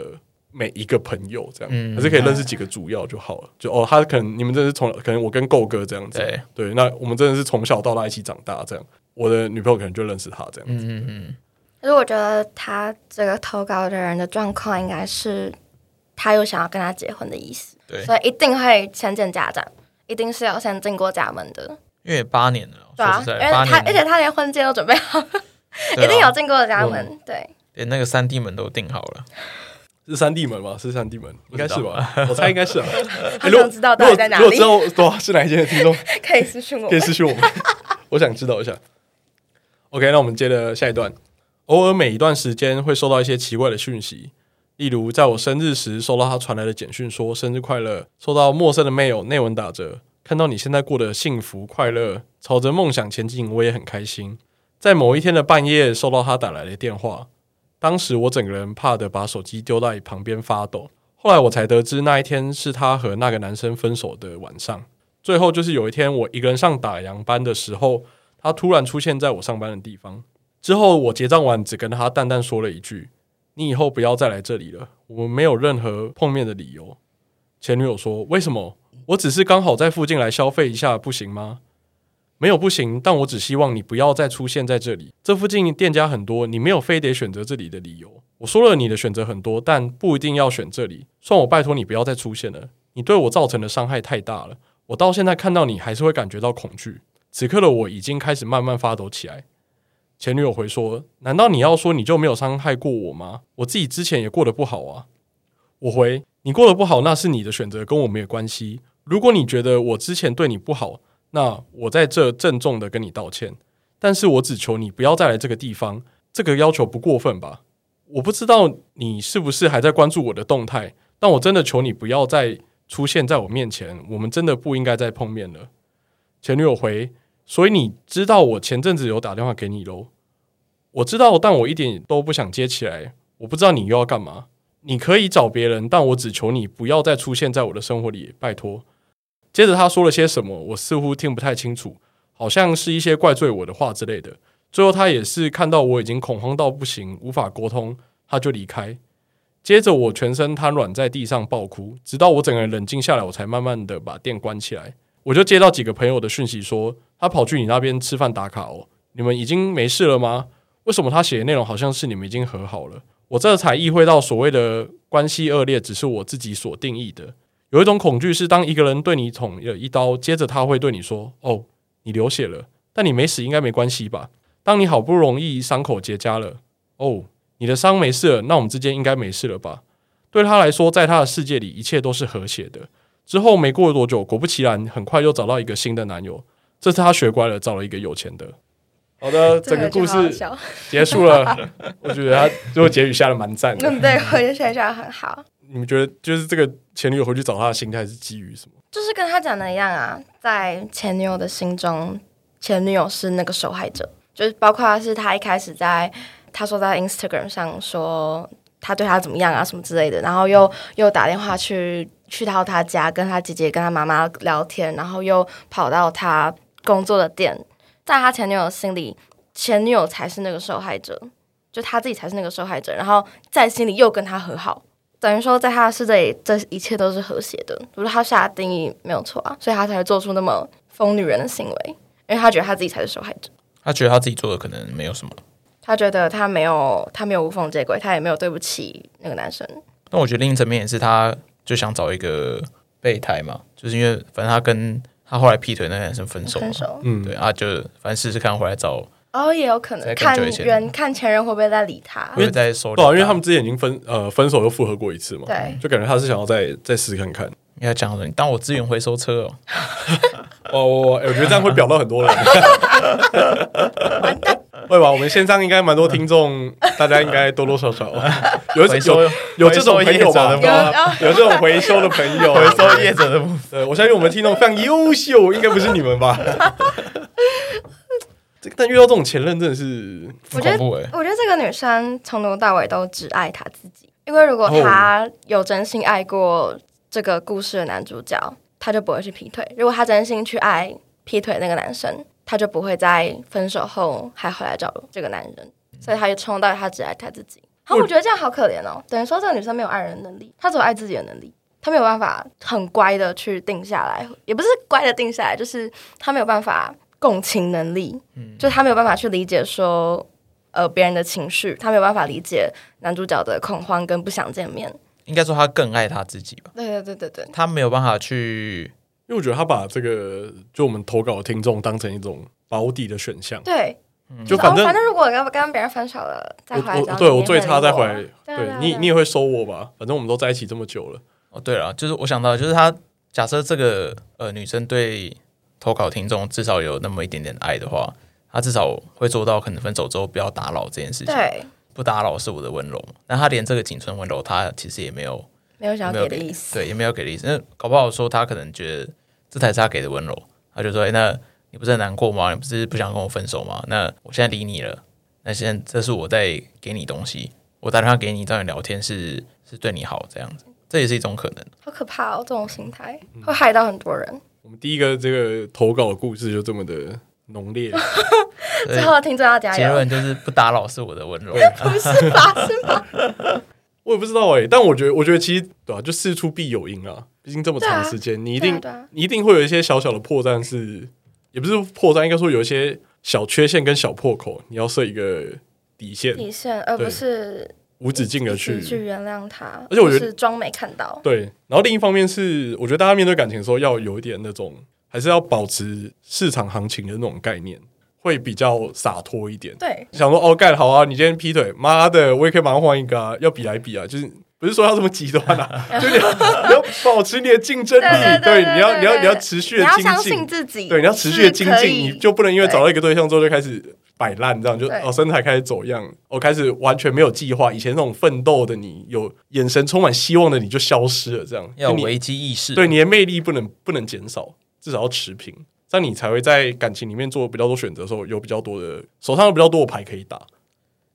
每一個朋友這樣，可、嗯、是可以認識幾個主要就好了。嗯、就哦，他可能你們真的是從，可能我跟夠哥這樣子對，對，那我們真的是從小到大一起長大這樣。我的女朋友可能就認識他這樣子。嗯嗯嗯。可是我覺得他這個投稿的人的狀況，應該是他又想要跟他結婚的意思，對，所以一定會先見家長，一定是要先進過家門的。因為八年了，對啊，因為他年年而且他連婚戒都準備好， 啊、一定有進過家門，對，連、欸、那個三 D 門都訂好了。是三地門嗎？是三地門，應該是吧？ 我猜應該是、啊。 欸、如果 如果 如果知道大在哪裡，如果知道多是哪一間的聽眾 可以私訊我，可以私訊我。我想知道一下。OK，那我們接着下一段。偶爾每一段時間會收到一些奇怪的訊息，例如在我生日時收到他傳來的簡訊，說生日快樂；收到陌生的 mail 內文打著，看到你現在過得幸福快樂，朝着夢想前進，我也很開心。在某一天的半夜，收到他打來的電話。當時我整個人怕得把手機丟在旁邊發抖。後來我才得知那一天是他和那個男生分手的晚上。最後就是有一天我一個人上打烊班的時候，他突然出現在我上班的地方。之後我結賬完只跟他淡淡說了一句：“你以後不要再來這裡了，我們沒有任何碰面的理由。”前女友說：“為什麼？我只是剛好在附近來消費一下，不行嗎？”沒有不行，但我只希望你不要再出現在這裡。這附近店家很多，你沒有非得選擇這裡的理由。我說了，你的選擇很多，但不一定要選這裡。算我拜託你不要再出現了。你對我造成的傷害太大了，我到現在看到你還是會感覺到恐懼。此刻的我已經開始慢慢發抖起來。前女友回說：“難道你要說你就沒有傷害過我嗎？我自己之前也過得不好啊。”我回：“你過得不好，那是你的選擇，跟我沒有關係。如果你覺得我之前對你不好。”那我在這鄭重地跟你道歉，但是我只求你不要再來這個地方，這個要求不過分吧？我不知道你是不是還在關注我的動態，但我真的求你不要再出現在我面前，我們真的不應該再碰面了。前女友回，所以你知道我前陣子有打電話給你嘍？我知道，但我一點都不想接起來。我不知道你又要幹嘛？你可以找別人，但我只求你不要再出現在我的生活裡，拜托。接着他說了些什麼，我似乎聽不太清楚，好像是一些怪罪我的話之類的。最後他也是看到我已經恐慌到不行，無法溝通，他就離開。接着我全身癱軟在地上暴哭，直到我整個人冷靜下來，我才慢慢的把店關起來。我就接到幾個朋友的訊息說，說他跑去你那邊吃飯打卡哦，你們已經沒事了嗎？為什麼他寫的內容好像是你們已經和好了？我這才意會到，所謂的關係惡劣，只是我自己所定義的。有一種恐懼是，當一個人對你捅了一刀，接着他會對你說：“哦，你流血了，但你沒死，應該沒關係吧？”當你好不容易傷口結痂了，“哦，你的傷沒事了，那我們之間應該沒事了吧？”對他來說，在他的世界裡，一切都是和諧的。之後沒過了多久，果不其然，很快又找到一個新的男友。這次他學乖了，找了一個有錢的。好的，好好整個故事結束了。 我覺得他最後結語下的蠻讚的。嗯， 對，我覺得寫的很好。你們覺得，就是這個前女友回去找他的心態是基於什麼？就是跟他講的一樣啊，在前女友的心中，前女友是那個受害者，就是包括是他一開始在，他說在 Instagram 上說他對他怎麼樣啊什麼之類的，然後又又打電話去去到他家，跟他姐姐跟他媽媽聊天，然後又跑到他工作的店，在他前女友的心裡，前女友才是那個受害者，就他自己才是那個受害者，然後在心裡又跟他和好。等於說，在他的世界裡，這一切都是和諧的。不、就是他下的定義沒有錯啊，所以他才做出那麼瘋女人的行為，因為他覺得他自己才是受害者。他覺得他自己做的可能沒有什麼，他覺得他沒有，他沒有無縫接軌，他也沒有對不起那個男生。那我覺得另一層面也是，他就想找一個備胎嘛，就是因為反正他跟他後來劈腿那男生分手，分手，嗯，對啊，就反正試試看，回來找。哦，也有可能看人看前任會不會再理他，不會再收斂。因為他們之前已經分呃分手又復合過一次嘛，對，就感覺他是想要再再試看看。要講了，你當我資源回收車哦、喔，哦，我我覺得這樣會表到很多人，會 滿大 吧？我們線上應該蠻多聽眾， 大家應該多多少少有有有這種朋友的嗎有有有？有這種回收的朋友， okay 回收業者的部分 對，我相信我們聽眾非常優秀， 應該不是你們吧？但遇到這種前任真的是，欸、我覺得，我覺得這個女生從頭到尾都只愛她自己，因為如果她有真心愛過這個故事的男主角，她就不會去劈腿；如果她真心去愛劈腿那個男生，她就不會在分手後還回來找這個男人。所以她就衝到她只愛她自己。好、嗯哦，我覺得這樣好可憐哦，等於說這個女生沒有愛人的能力，她只有愛自己的能力，她沒有辦法很乖的去定下來，也不是乖的定下來，就是她沒有辦法。共情能力、嗯，就他沒有辦法去理解說，呃，別人的情緒，他沒有辦法理解男主角的恐慌跟不想見面。應該說他更愛他自己吧？對對對對對，他沒有辦法去，因為我覺得他把這個就我們投稿的聽眾當成一種保底的選項。對，就反正、嗯哦、反正如果要跟別人分手了，再回來……對，我最差再回來，對你你也會收我吧？反正我們都在一起這麼久了。哦，對啊，就是我想到，就是他假設這個呃女生對。投稿聽眾至少有那麼一點點愛的話，他至少會做到，可能分手之後不要打擾這件事情。對，不打擾是我的溫柔。那他連這個僅存溫柔，他其實也沒有沒有想要給的意思，對，也沒有給的意思。那搞不好說他可能覺得這才是他給的溫柔，他就說：“哎，那你不是很難過嗎？你不是不想跟我分手嗎？那我現在理你了。那現在這是我在給你東西，我打電話給你找你聊天是是對你好這樣子，這也是一種可能。好可怕哦，這種心態會害到很多人。”我們第一個這個投稿的故事就這麼的濃烈， 最後聽眾大家結論就是不打擾是我的溫柔 不是吧，是吧？我也不知道哎、欸，但我覺得，我覺得其實對吧、啊？就事出必有因啊，畢竟這麼長時間、啊，你一定對啊對啊，你一定會有一些小小的破綻，是也不是破綻？應該說有一些小缺陷跟小破口，你要設一個底線，底線而、呃、不是。無止境的去去原諒他，而且我覺得、就是裝沒看到。對，然後另一方面是，我覺得大家面對感情的時候，要有一點那種，還是要保持市場行情的那種概念，會比較灑脫一點。對，想說哦，蓋好啊，你今天劈腿，媽的，我也可以馬上換一個、啊，要比來比啊，就是不是說要這麼極端啊， 就你要，你要保持你的競爭力。對，你要你要你要持續的精進。你要相信自己。對，你要持續的精進，你就不能因為找到一個對象之後就開始。擺爛這樣，就哦身材開始走樣，我、哦、開始完全沒有計劃。以前那種奮鬥的你有，有眼神充滿希望的你就消失了。這樣要有危機意識、嗯，對你的魅力不能不能減少，至少要持平，這樣你才會在感情裡面做比較多選擇的時候，有比較多的手上有比較多的牌可以打。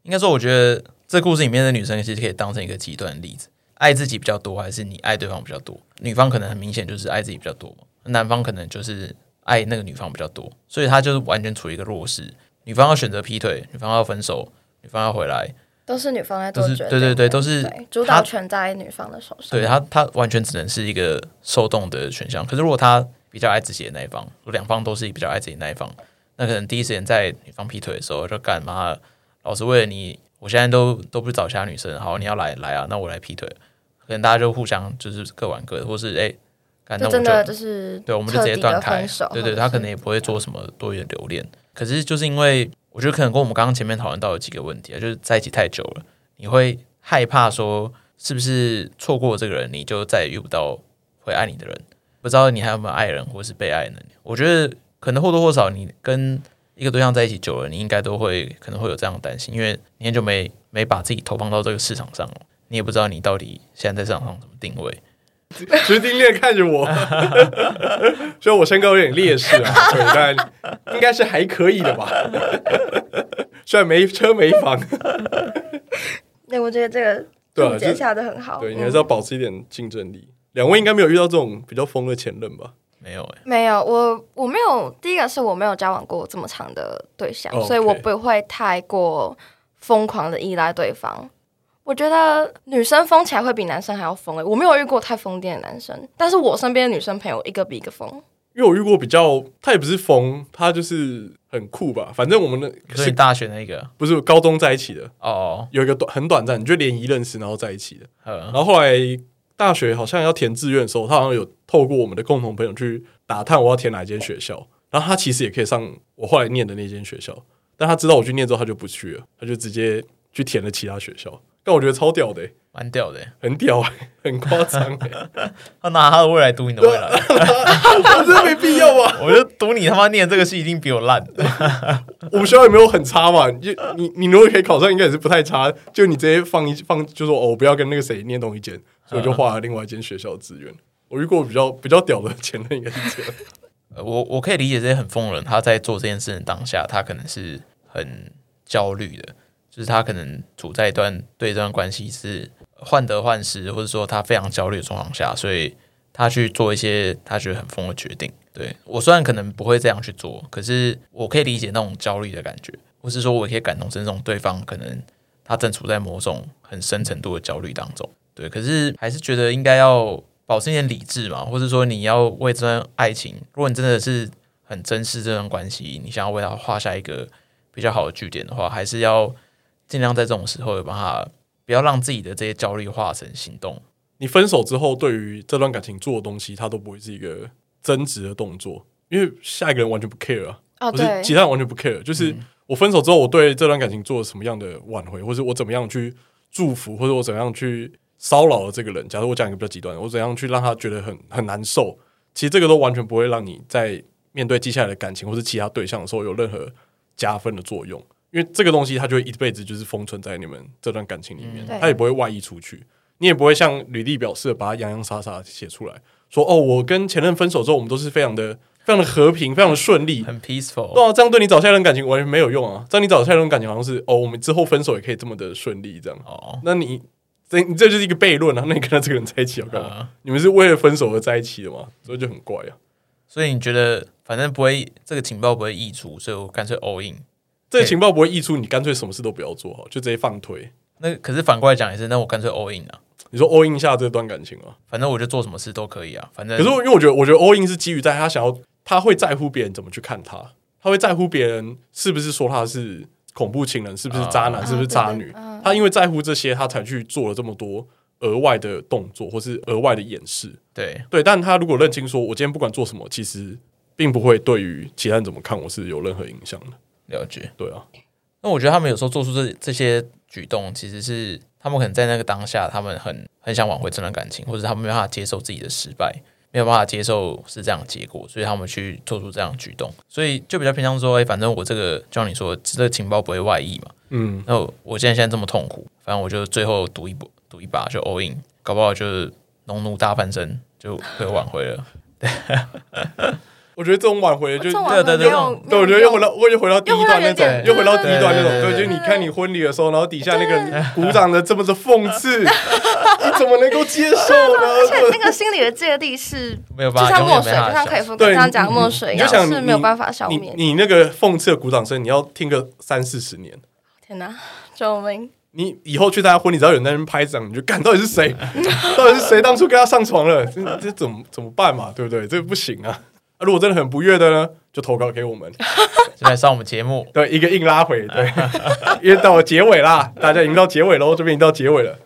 應該說，我覺得這故事裡面的女生其實可以當成一個極端的例子：愛自己比較多，還是你愛對方比較多？女方可能很明顯就是愛自己比較多，男方可能就是愛那個女方比較多，所以她就是完全處於一個弱勢。女方要選擇劈腿，女方要分手，女方要回來，都是女方在做決定。對對對，都是主導權在女方的手上。對，她她完全只能是一個受動的選項。可是如果她比較愛自己的那一方，如果兩方都是比較愛自己那一方，那可能第一時間在女方劈腿的時候就幹嘛，老是為了你，我現在都都不去找其他女生。好，你要來來啊，那我來劈腿。可能大家就互相就是各玩各，或是哎、欸，就真的就，就是的對，我們就直接斷開。對，對對，他可能也不會做什麼多餘的留戀。可是，就是因為我覺得可能跟我們剛剛前面討論到有幾個問題啊，就是在一起太久了，你會害怕說是不是錯過這個人，你就再也遇不到會愛你的人，不知道你還有沒有愛人或是被愛呢。我覺得可能或多或少，你跟一個對象在一起久了，你應該都會可能會有這樣的擔心，因為你就沒沒把自己投放到這個市場上，你也不知道你到底現在在市場上怎麼定位。直盯盯看着我 雖然我身高有點劣勢啊，對，但應該是還可以的吧。 雖然沒車沒房 ，那我覺得這個對接下的很好對。對，你還是要保持一點競爭力。兩、嗯、位應該沒有遇到這種比較瘋的前任吧？沒有、欸，沒有。我我沒有第一個是我沒有交往過這麼長的對象，oh, okay. 所以我不會太過瘋狂的依賴對方。我覺得女生瘋起來會比男生還要瘋誒，我沒有遇過太瘋癲的男生，但是我身邊的女生朋友一個比一個瘋。因為我遇過比較，他也不是瘋，他就是很酷吧。反正我們的，所以大學那個不是高中在一起的哦，有一個短很短暫，你就聯誼認識，然後在一起的。呃，然後後來大學好像要填志願的時候，他好像有透過我們的共同朋友去打探我要填哪間學校，然後他其實也可以上我後來念的那間學校，但他知道我去念之後，他就不去了，他就直接去填了其他學校。但我覺得超屌的、欸，蠻屌的、欸，很屌哎、欸，很誇張、欸、 他拿他的未來賭你的未來，我覺得沒必要吧？我覺得賭你他媽念這個是一定比我爛， 我們學校也沒有很差嘛，你就你你如果可以考上，應該也是不太差。就你直接放一放，就說哦，不要跟那個誰念同一間，所以我就換了另外一間學校的資源。我遇過比較比較屌的前任應該是這樣、呃，我我可以理解這些很瘋人，他在做這件事的當下，他可能是很焦慮的。就是他可能處在一段對這段關係是患得患失，或者說他非常焦慮的狀況下，所以他去做一些他覺得很瘋的決定。對，我雖然可能不會這樣去做，可是我可以理解那種焦慮的感覺，或是說我可以感同身受，對方可能他正處在某種很深程度的焦慮當中。對，可是還是覺得應該要保持一點理智嘛，或者說你要為這段愛情，如果你真的是很珍視這段關係，你想要為他畫下一個比較好的句點的話，還是要。儘量在這種時候，也把不要讓自己的這些焦慮化成行動。你分手之後，對於這段感情做的東西，它都不會是一個增值的動作，因為下一個人完全不 care 啊，不、哦、是其他人完全不 care、嗯。就是我分手之後，我對這段感情做了什麼樣的挽回，或者我怎麼樣去祝福，或者我怎麼樣去騷擾了這個人。假如我講一個比較極端，我怎樣去讓他覺得很很難受，其實這個都完全不會讓你在面對接下來的感情，或者其他對象的時候有任何加分的作用。因為這個東西它就會一輩子就是封存在你們這段感情裡面，嗯、它也不會外溢出去，你也不會像履歷表示的把它洋洋灑灑寫出來，說哦，我跟前任分手之後，我們都是非常的、非常的和平、非常的順利很，很 peaceful。哇、啊，這樣對你找下一段感情完全沒有用啊！這樣你找下一段感情好像是哦，我們之後分手也可以這麼的順利，這樣。哦、oh.，那你這這就是一個悖論啊！那你跟他這個人在一起要幹嘛？Uh. 你們是為了分手而在一起的嗎？所以就很怪啊！所以你覺得反正不會這個情報不會溢出，所以我乾脆 all in。這個、情報不會溢出，你乾脆什麼事都不要做，就直接放推。那可是反過來講也是，那我乾脆 all in 啊？你說 all in 下這段感情啊？反正我就做什麼事都可以啊。反正可是，因為我覺得，我覺得 all in 是基於在他想要，他會在乎別人怎麼去看他，他會在乎別人是不是說他是恐怖情人，是不是渣男，啊、是不是渣女，啊啊？他因為在乎這些，他才去做了這麼多額外的動作，或是額外的掩飾。對對，但他如果認清說，說我今天不管做什麼，其實並不會對於其他人怎麼看我是有任何影響的。了解，對啊，那我覺得他們有時候做出這這些舉動，其實是他們可能在那個當下，他們很很想挽回這段感情，或者他們沒有辦法接受自己的失敗，沒有辦法接受是這樣的結果，所以他們去做出這樣的舉動，所以就比較平常說，哎、欸，反正我這個就像你說這個情報不會外溢嘛，嗯，那我，我現在現在這麼痛苦，反正我就最後賭一把，賭一把就 all in，搞不好就是農奴大翻身，就可挽回了，對。 我覺得這種挽回，就是對對對，對，對，對我覺得又回到，我又回到第一段那種，又回到第一段那種。對，對，就你看你婚禮的時候，然後底下那個鼓掌的這麼的諷刺，對對對，你怎麼能夠接受呢？而且那個心理的芥蒂是、， 啊嗯就是沒有辦法抹滅，就像墨水，就像可以復，剛剛講墨水，一樣，你那個諷刺的鼓掌聲，你要聽個三四十年。天哪，救命！你以後去大家婚禮，只要有人在那邊拍掌，你就幹，到底是誰？ 到底是誰當初跟他上床了？這這怎麼怎麼辦嘛？對不對？這不行啊！啊、如果真的很不悅的呢，就投稿給我們，現在上我們節目。對，一個硬拉回，對，因為到了結尾啦，大家已經到結尾嘍，這邊已經到結尾了。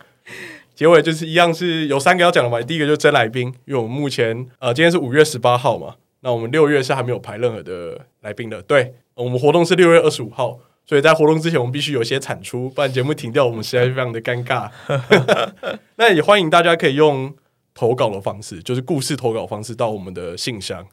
結尾就是一樣，是有三個要講的嘛。第一個就是徵來賓，因為我們目前呃，今天是五月十八號嘛，那我們六月是還沒有排任何的來賓的。對，我們活動是六月二十五號，所以在活動之前我們必須有些產出，不然節目停掉，我們實在是非常的尷尬。 那也歡迎大家可以用投稿的方式，就是故事投稿方式到我們的信箱。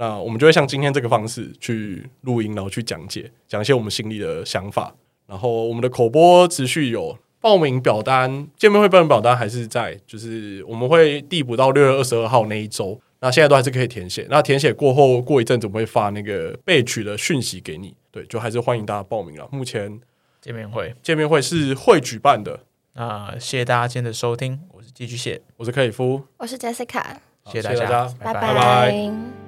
那我們就會像今天這個方式去錄音，然後去講解，講一些我們心裡的想法。然後我們的口播持續有報名表單，見面會報名表單還是在，就是我們會遞補到六月二十二號那一週。那現在都還是可以填寫。那填寫過後，過一陣子我們會發那個備取的訊息給你。對，就還是歡迎大家報名了。目前見面會，見面會是會舉辦的。那、呃、謝謝大家今天的收聽，我是寄居蟹，我是克里夫，我是 Jessica，謝謝，謝謝大家，拜拜。拜拜拜拜。